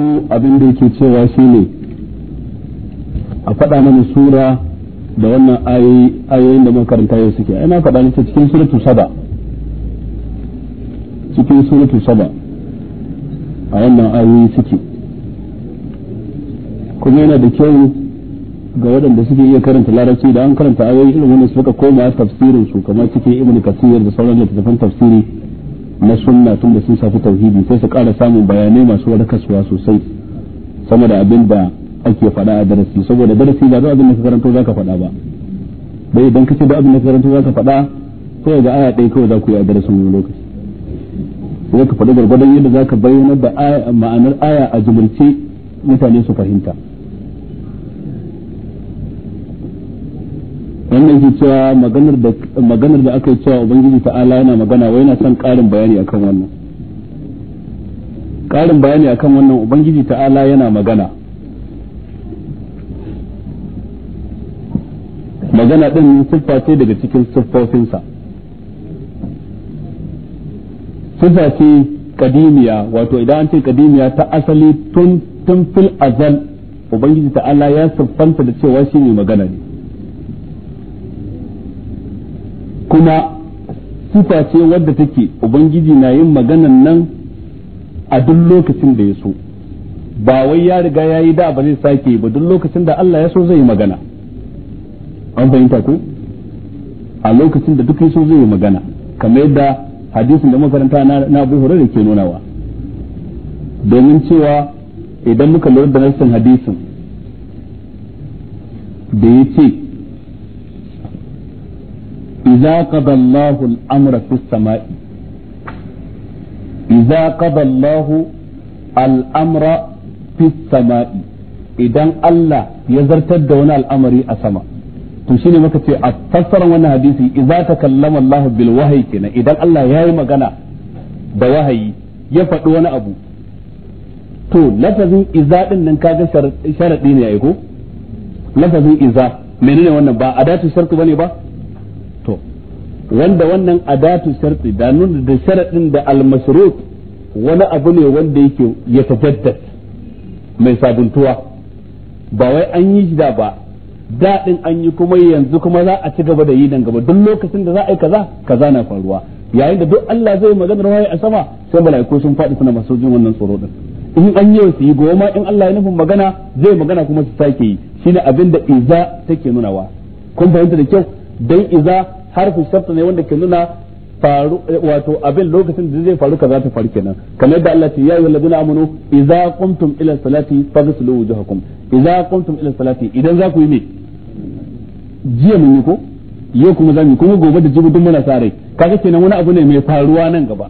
farko abin da yake cewa ne a faɗa mana sura da wannan ayoyin da makaranta yau suke ai na faɗa nita cikin suratu saba cikin suratu saba a wannan ayoyi suke kuma yana da kyau ga waɗanda suke iya karanta larabci da an karanta ayoyi irin wani suka koma tafsirin su kamar cikin ibn kasir da sauran littattafan tafsiri na sunna tun da sun safi tauhidi sai su ƙara samun bayanai masu warkaswa sosai sama da abin da ake faɗa a darasi saboda darasi ba duk abin da ka karanto za ka faɗa ba bai idan ka ce duk abin da ka karanto za ka faɗa sai ga aya ɗaya kawai za ku yi a darasin wani lokaci sai ka faɗi gwargwadon yadda za ka bayyana da ma'anar aya a jumulce mutane su fahimta yake cewa maganar da maganar da aka yi cewa ubangiji ta'ala yana magana wai yana son ƙarin bayani akan wannan karin bayani akan wannan ubangiji ta'ala yana magana magana din siffa ce daga cikin siffofinsa siffa ce kadimiya wato idan an ce kadimiya ta asali tun tun fil azal ubangiji ta'ala ya siffanta da cewa shi ne magana ne kuma sifa ce wadda take ubangiji na yin maganan nan a duk lokacin da ya so ba wai ya riga ya yi da ba zai sake ba duk lokacin da Allah ya so zai yi magana an fahimta ko a lokacin da duk ya so zai yi magana kamar yadda hadisin da makaranta na Abu Hurairah ke nunawa domin cewa idan muka lura da nassin hadisin da ya ce idza qada Allahu al fis samai idan Allah ya zartar da wani al'amari a sama to shine muka ce a fassarar wannan hadisi iza takallama Allah bil wahyi kenan idan Allah yayi magana da wahayi ya faɗi wani abu to lafazin iza din nan kaga sharadi ne ai ko lafazin iza menene wannan ba adatu shartu bane ba wanda wannan adatu sharti da nuna da sharadin da al wani abu ne wanda yake ya tajaddad mai sabuntuwa ba wai an yi da ba daɗin an yi kuma yanzu kuma za a ci gaba da yi nan gaba duk lokacin da za a yi kaza kaza na faruwa yayin da duk Allah zai maganar wahayi a sama sai mala'iku sun faɗi suna masu jin wannan tsoro din in an yi su yi goma in Allah ya nufin magana zai magana kuma su sake yi shine abin da iza take nunawa kun fahimta da kyau dan iza harfin shartu ne wanda ke nuna faru eh, wato abin lokacin da zai faru kaza ta faru kenan kamar yadda Allah ya yi ladina amanu idza qumtum ila salati faghsilu wujuhakum idza qumtum ila salati idan za ku yi ne jiya mun yi ko yau kuma za mu kuma gobe da jibu duk muna sare kaga kenan wani abu ne mai faruwa nan gaba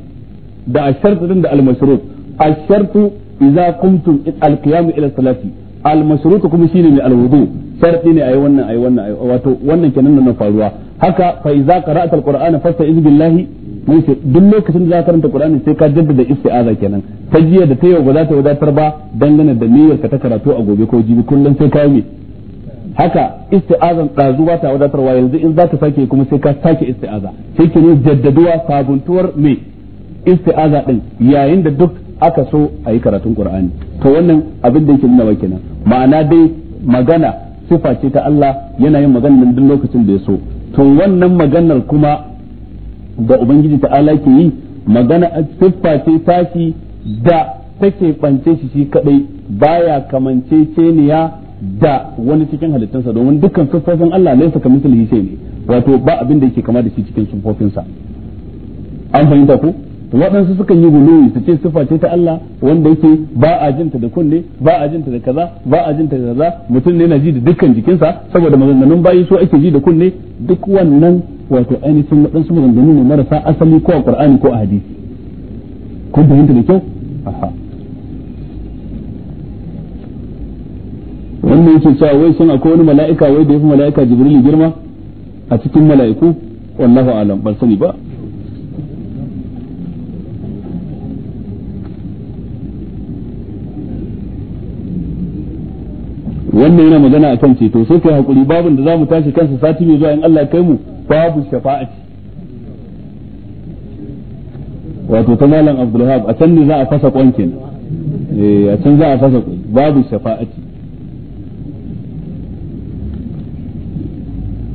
da ashartu din da almashrut ashartu idza qumtum alqiyam ila salati almashrut kuma shine mai alwudu sharti ne ayi wannan ayi wannan wato wannan kenan nan faruwa haka fa idza qara'ta alqur'ana fasta'iz billahi mun duk lokacin da za ka karanta qur'ani sai ka jaddada isti'aza kenan ta jiya da ta yau ba za ta wadatar ba dangane da niyyar ka ta karatu a gobe ko jibi kullum sai ka yi haka isti'azan ɗazu ba ta wadatarwa yanzu in za ka sake kuma sai ka sake isti'aza sai ke ne jaddaduwa sabuntuwar mai isti'aza din yayin da duk aka so a yi karatun qur'ani to wannan abin da yake nuna wa kenan ma'ana dai magana sifa ce ta Allah yana yin maganar duk lokacin da ya so to wannan maganar kuma da ubangiji ala ke yi magana siffa ce tashi da take bance shi shi kadai baya kamance ceniya da wani cikin halittansa domin dukkan siffofin Allah laisa kamithlihi shay ne wato ba abin da yake kama da shi cikin siffofinsa an fahimta ko waɗansu sukan yi guluwi su ce sufa ce ta Allah wanda yake ba a jinta da kunne ba a jinta da kaza ba a jinta da kaza mutum ne na ji da dukkan jikinsa saboda maganganun bayi so ake ji da kunne duk wannan wato ainihin waɗansu maganganu ne marasa asali ko a Qur'ani ko a hadisi kun fahimta da kyau wannan yake cewa wai sun akwai wani mala'ika wai da ya fi mala'ika Jibril girma a cikin mala'iku wallahu a'lam ban sani ba tunda yana magana akan ceto sai kai hakuri babin da zamu tashi kansa sati mai zuwa in Allah kai mu babu shafa'ati wato ta malam Abdulhab a can ne za a fasa kwankin eh a can za a fasa babu shafa'ati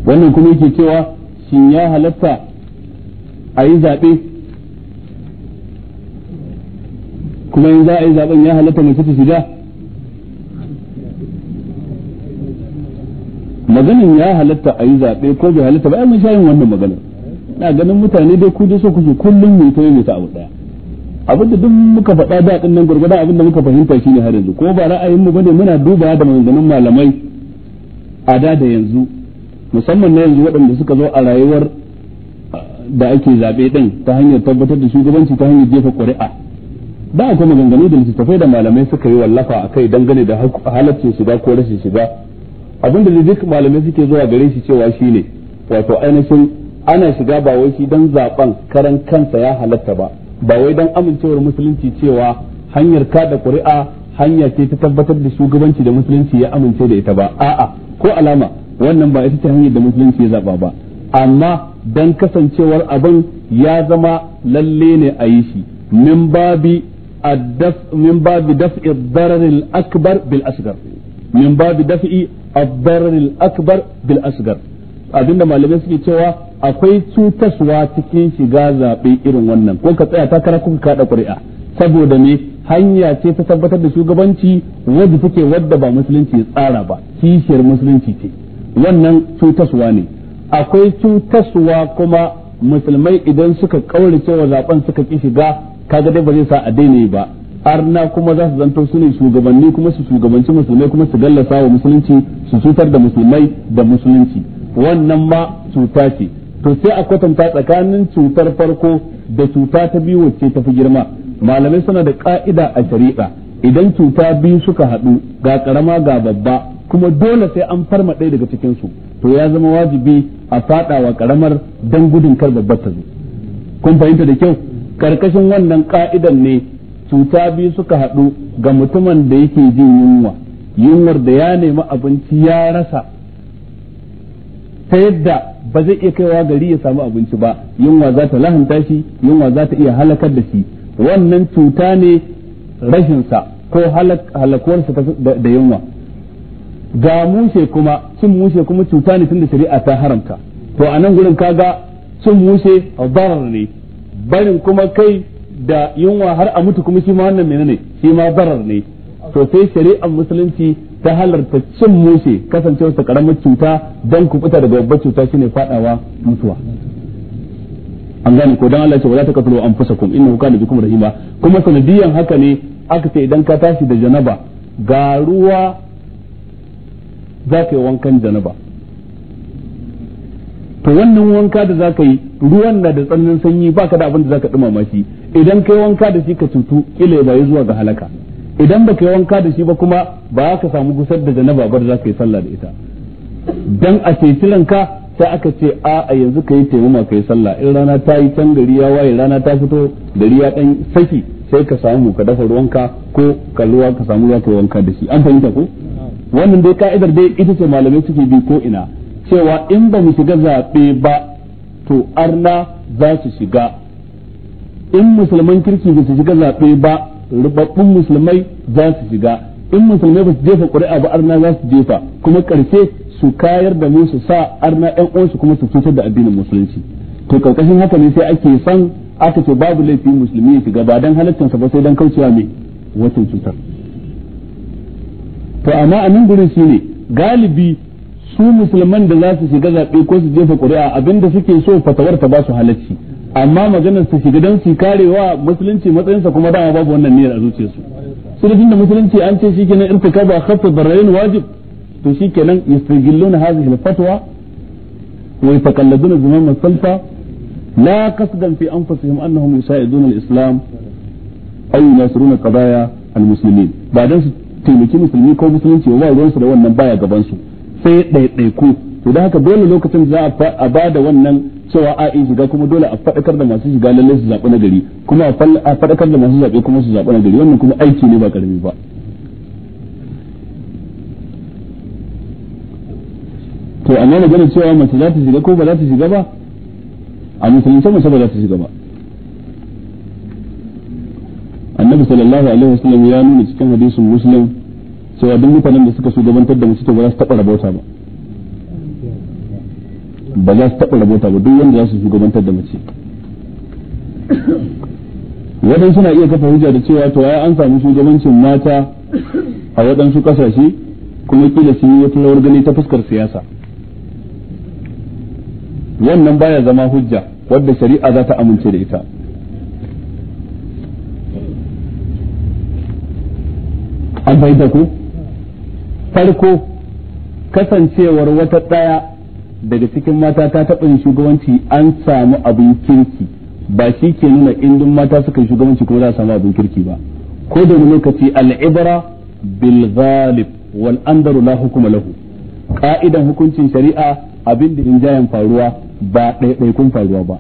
wannan kuma yake cewa shin ya halatta a yi zaɓe kuma in za a yi zaɓen ya halatta mace ta shiga maganin ya halatta a yi zaɓe ko bai halatta ba ai mun shayin wannan maganar na ganin mutane dai ku dai so kuke kullum mai tayi mai ta abu daya abin da duk muka faɗa da ɗin nan gurgurda abin da muka fahimta shine har yanzu ko ba ra'ayin mu bane muna duba da maganganun malamai a da da yanzu musamman na yanzu waɗanda suka zo a rayuwar da ake zaɓe ɗin ta hanyar tabbatar da shugabanci ta hanyar jefa ƙuri'a da akwai maganganu da littattafai da malamai suka yi wallafa a kai dangane da halaccin shiga ko rashin shiga abin da duk malamai suke zuwa gare shi cewa shine wato ainihin ana shiga ba wai shi dan zaben karan kansa ya halatta ba ba wai don amincewar musulunci cewa hanyar kada ƙuri'a hanya ce ta tabbatar da shugabanci da musulunci ya amince da ita ba a'a ko alama wannan ba ita ce hanyar da musulunci ya zaba ba amma dan kasancewar abin ya zama lalle ne a yi shi min babi min babi daf'i dararil akbar bil asghar min babi daf'i الضرر darar al-akbar bil asghar abinda malamai suke cewa akwai cutaswa cikin shiga zaɓe irin wannan ko ka tsaya takara kuka kaɗa ƙuri'a saboda me hanya ce ta tabbatar da shugabanci wadda take wadda ba musulunci tsara ba kishiyar musulunci ce wannan cutaswa ne akwai cutaswa kuma musulmai idan suka kaurace wa zaben suka ki shiga kaga dai ba zai sa a daina ba arna kuma za su zanto su ne shugabanni kuma su shugabanci musulmai kuma su gallasa wa musulunci su cutar da musulmai da musulunci wannan ma cuta ce to sai a kwatanta tsakanin cutar farko da cuta ta biyu wacce ta fi girma malamai suna da ka'ida a shari'a idan cuta biyu suka haɗu ga karama ga babba kuma dole sai an farma ɗaya daga cikin su to ya zama wajibi a faɗawa karamar dan gudun kar babbar ta zo kun fahimta da kyau karkashin wannan ka'idan ne cuta biyu suka haɗu ga mutumin da yake jin yunwa yunwar da ya nemi abinci ya rasa ta yadda ba zai iya kaiwa gari ya samu abinci ba yunwa za ta lahanta shi yunwa za ta iya halakar da shi wannan cuta ne rashinsa ko halakuwarsa da yunwa ga mushe kuma cin mushe kuma cuta ne tunda shari'a ta haramta to a nan gurin kaga cin mushe darar ne barin kuma kai da yunwa har a mutu kuma shi ma wannan menene shi ma zarar ne to sai shari'ar musulunci ta halarta cin mushe kasancewa ta karamar cuta dan kubuta daga babbar cuta shine fadawa mutuwa an gane ko dan Allah ce wala taqtulu anfusakum innahu kana bikum rahima kuma sanadiyan haka ne aka ce idan ka tashi da janaba ga ruwa za ka yi wankan janaba to wannan wanka da zaka yi ruwan na da tsananin sanyi baka da abin da zaka dumama shi idan kai wanka da shi ka cutu kila ya zuwa ga halaka idan ba kai wanka da shi ba kuma ba ka samu gusar da janaba ba da zaka yi sallah da ita dan a ceci ranka sai aka ce a a yanzu kai taimama kai sallah in rana ta yi can gari ya waye rana ta fito gari ya dan saki sai ka samu ka dafa ruwanka ko ka ruwa ka samu ruwa ka wanka da shi an fahimta ko wannan dai ka'idar dai ita ce malamai suke bi ko ina cewa in ba mu shiga zaɓe ba to arna za su shiga in musulman kirki ba su shiga zaɓe ba rubabbun musulmai za su shiga in musulmai ba su jefa ƙuri'a ba arna za su jefa kuma ƙarshe su kayar da mu su sa arna ƴan uwansu kuma su cutar da addinin musulunci to ƙarƙashin haka ne sai ake san aka ce babu laifi musulmi ya shiga ba dan sa ba sai dan kaucewa mai wata cutar to amma a nan gurin ne galibi su musulman da za su shiga zaɓe ko su jefa ƙuri'a abinda suke so fatawar ta ba su halacci amma maganar su shiga don su karewa musulunci matsayinsa kuma dama babu wannan niyyar a zuciyarsu su da da musulunci an ce shikenan irtikaba khaffa barayin wajib to shikenan yastagilluna hadhihi al-fatwa wa yataqalladuna zaman as-salfa لا قصدا في انفسهم انهم يساعدون الاسلام او ba قضايا taimaki بعدين ko مسلمي ba ba وما su da wannan baya gaban su sai ɗaiɗaiku to da haka dole lokacin za a ba da wannan cewa a yi shiga kuma dole a faɗakar da masu shiga lallai su zaɓi na gari kuma a faɗakar da masu zaɓe kuma su zaɓi na gari wannan kuma aiki ne ba ƙarami ba to amma maganar cewa mace za ta shiga ko ba za ta shiga ba a musulunce mace ba za ta shiga ba annabi sallallahu alaihi wasallam ya nuna cikin hadisin musulun cewa duk mutanen da suka shugabantar da mutum ba za su taɓa rabota ba ba za su taɓa rabota ba duk wanda za su shugabantar da mace wadan suna iya kafa hujja da cewa to ya an samu shugabancin mata a waɗansu ƙasashe kuma kila su yi wata rawar gani ta fuskar siyasa wannan baya zama hujja wadda shari'a za ta amince da ita an fahimta ko farko kasancewar wata ɗaya daga cikin mata ta taɓa yin shugabanci an samu abin kirki ba shi ke nuna indin mata suka yi shugabanci kuma za a samu abin kirki ba ko da wani lokaci al'ibara bil ghalib wal andaru la hukuma lahu ka'idan hukuncin shari'a abin da injayan faruwa ba ɗaiɗaikun faruwa ba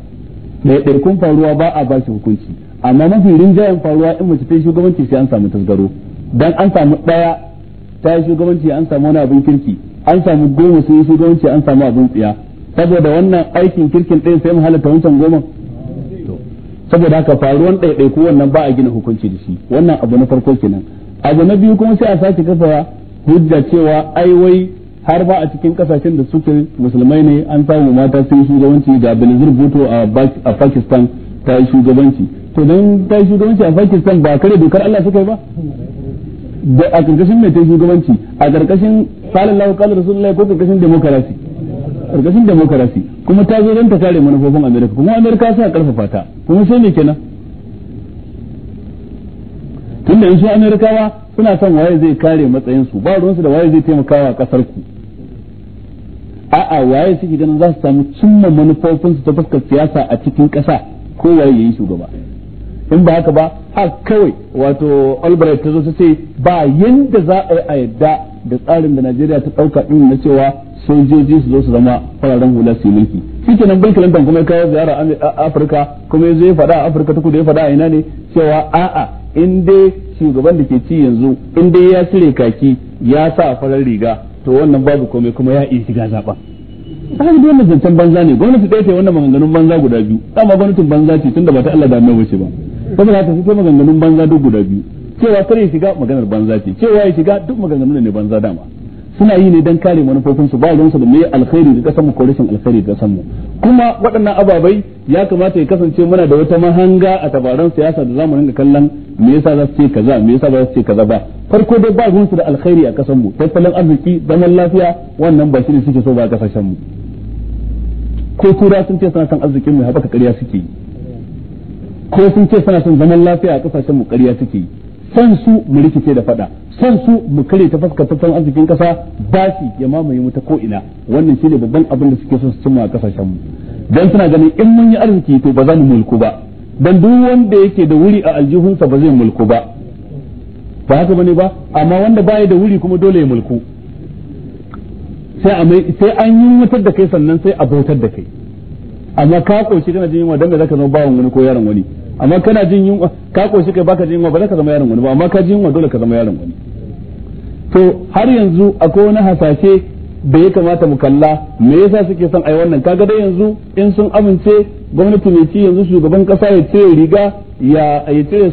ɗaiɗaikun faruwa ba a ba shi hukunci amma mafi rinjayen faruwa in mace ta shugabanci sai an samu tasgaro dan an samu ɗaya ta yi shugabanci an samu wani abin kirki an samu goma sun yi shugabanci an samu abin tsiya saboda wannan aikin kirkin ɗin sai mu halatta wancan goma saboda haka faruwan ko wannan ba a gina hukunci da shi wannan abu na farko kenan abu na biyu kuma sai a sake kafa hujja cewa ai wai har ba a cikin kasashen da suke musulmai ne an samu mata sun shugabanci ga Benazir Bhutto a Pakistan ta yi shugabanci to dan ta yi shugabanci a Pakistan ba kare dokar Allah suka yi ba da a karkashin mai taifin gabanci a karkashin kalin lahu sun lai ko karkashin demokarasi karkashin demokarasi kuma ta zo don ta kare manufofin amerika kuma amerika sa karfafa ta kuma sai me kenan tunda yanzu amerikawa suna son waye zai kare matsayinsu ba ruwansu da waye zai taimakawa kasar ku a'a waye suke ganin za su samu cimma manufofinsu ta fuskar siyasa a cikin ƙasa ko waye yayi shugaba in ba haka ba har kawai wato albright ta zo ta ce ba yadda za a yi a yadda da tsarin da najeriya ta ɗauka ɗin na cewa sojoji su zo su zama fararen hula su yi mulki shi kenan bill kuma ya kawo ziyara a afirka kuma ya zo ya faɗa a afirka ta kudu ya faɗa a ina ne cewa a'a in dai shugaban da ke ci yanzu in dai ya cire kaki ya sa farar riga to wannan babu komai kuma ya iya shiga zaɓa kaga duk wannan zancen banza ne gwamnati ɗaya yi wannan maganganun banza guda biyu dama gwamnatin banza ce tunda ba ta Allah da annabi ce ba saboda haka suke maganganun banza duk guda biyu cewa kar ya shiga maganar banza ce cewa ya shiga duk maganganun ne banza dama suna yi ne dan kare manufofin su ba a su da me alkhairi da kasan mu ko rashin alkhairi da kasan kuma waɗannan ababai ya kamata ya kasance muna da wata mahanga a tabaran siyasa da zamu ringa kallon me yasa za su ce kaza me yasa ba su ce kaza ba farko dai ba ruwan su da alkhairi a kasan mu tattalin arziki zaman lafiya wannan ba shi ne suke so ba kasashen mu ko tura sun ce suna san arzikin mu haɓaka ƙarya suke yi ko sun ce suna son zaman lafiya a kasashen mu suke yi san su mu rikice da fada san su mu kare ta fuskar tattalin arzikin kasa shi ya mamaye mu ta ko ina wannan shine babban abin da suke son su cimma a kasashen mu dan suna ganin in mun yi arziki to ba za mu mulku ba dan duk wanda yake da wuri a aljihunsa ba zai mulku ba ba haka bane ba amma wanda baya da wuri kuma dole ya mulku sai an yi mutar da kai sannan sai a bautar da kai amma ka koshi kana jin yunwa dan da zaka zama bawan wani ko yaron wani amma kana jin yunwa ka koshi kai baka jin yunwa ba zaka zama yaron wani ba amma ka jin yunwa dole ka zama yaron wani to har yanzu akwai wani hasashe da ya kamata mu kalla me yasa suke son ai wannan kaga dai yanzu in sun amince gwamnati ne ci yanzu shugaban kasa ya cire riga ya ya cire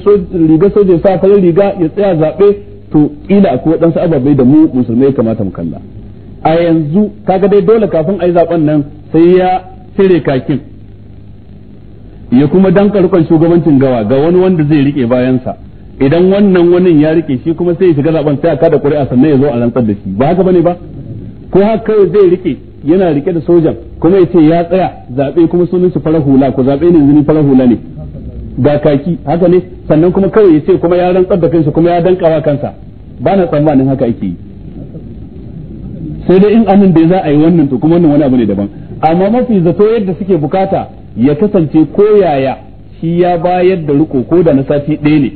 riga soja sa farin riga ya tsaya zabe to kila akwai wadansu ababai da mu musulmai kamata mu kalla a yanzu kaga dai dole kafin ai zaben nan sai ya cire kakin ya kuma danka rukun shugabancin gawa ga wani wanda zai rike bayansa idan wannan wannan ya rike shi kuma sai ya shiga zaben sai a kada ƙuri'a sannan ya zo a rantsar da shi ba haka bane ba ko haka kawai zai rike yana rike da sojan kuma ya ce ya tsaya zaɓe kuma sunan shi farar hula ko zaɓe ne zini farar hula ne ga kaki haka ne sannan kuma kawai ya ce kuma ya rantsar da kansa kuma ya wa kansa ba na tsammanin haka ake sai dai in amin da za a yi wannan to kuma wannan wani abu ne daban amma mafi zato yadda suke bukata ya kasance ko yaya shi ya bayar da riko ko da na sati ɗaya ne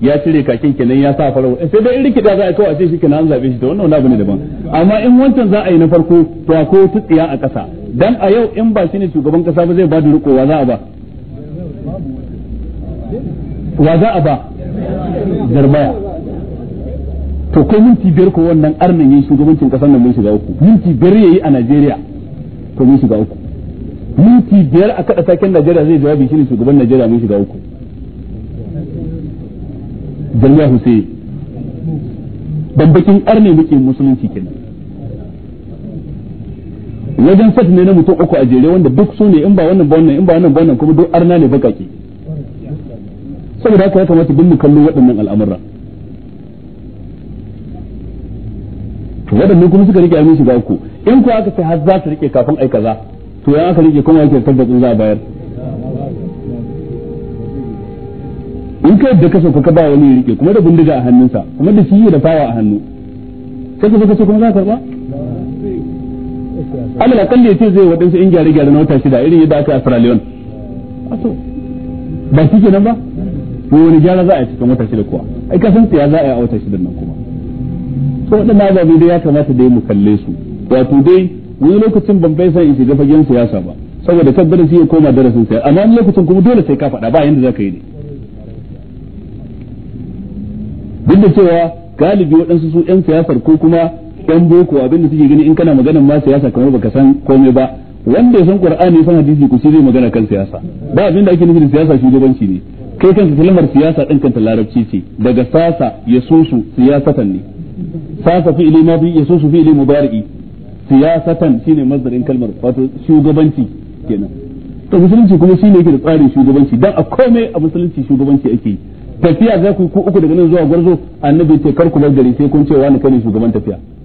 ya cire kakin kenan ya sa farawa sai dai in rikida za a kawo a ce shi kenan an zabe shi da wannan wani abu ne daban amma in wancan za a yi na farko to a ko tutsiya a ƙasa dan a yau in ba shi ne shugaban ƙasa ba zai ba da wa za a ba wa za a ba garbaya to kai minti biyar ko wannan arnin yin shugabancin kasar nan mun shiga uku minti biyar yayi a Najeriya to mun shiga uku minti biyar a kada taken Najeriya zai jawabi ne shugaban Najeriya mun shiga uku Jami'a Hussein bambakin karni muke musulunci kenan wajen sat ne na mutum uku a jere wanda duk su ne in ba wannan ba wannan in ba wannan ba wannan kuma duk arna ne bakake saboda haka ya kamata duk mu kallo waɗannan al'amuran waɗannan kuma suka rike amin ba ku in ku aka sai har za su rike kafin ai kaza to yan aka rike kuma yake tabbacin za a bayar in ka yadda kasa sauka ka ba wani ya rike kuma da bindiga a hannunsa kuma da shi da fawa a hannu sai ka zaka ce kuma za ka karba Allah la kalle ce zai waɗansu in gyare gyare na wata shida irin yadda aka yi a Sierra Leone ba shi kenan ba to wani gyara za a yi cikin wata shida kuwa ai ka san ya za a yi a wata shida nan kuma to waɗannan ababe da ya kamata dai mu kalle su wato dai wani lokacin ban bai san in shiga fagen siyasa ba saboda tabbata darasi ya koma darasin sai amma wani lokacin kuma dole sai ka faɗa ba yanda zaka yi ne duk da cewa galibi waɗansu su yan siyasar ko kuma yan boko abinda suke gani in kana magana ma siyasa kamar baka san komai ba wanda ya san qur'ani san hadisi ku shi zai magana kan siyasa ba abinda ake nufi da siyasa shugabanci ne kai kanka kalmar siyasa ɗin kanta larabci ce daga sasa ya susu siyasatan ne sasa fi'ili madi ya so su fi'ili mudari'i siyasatan shine mazdarin kalmar wato shugabanci kenan to musulunci kuma shine yake da tsarin shugabanci dan a komai a musulunci shugabanci ake yi tafiya za ku yi uku daga nan zuwa gwarzo annabi ce kar ku bar gari sai kun ce wani kai shugaban tafiya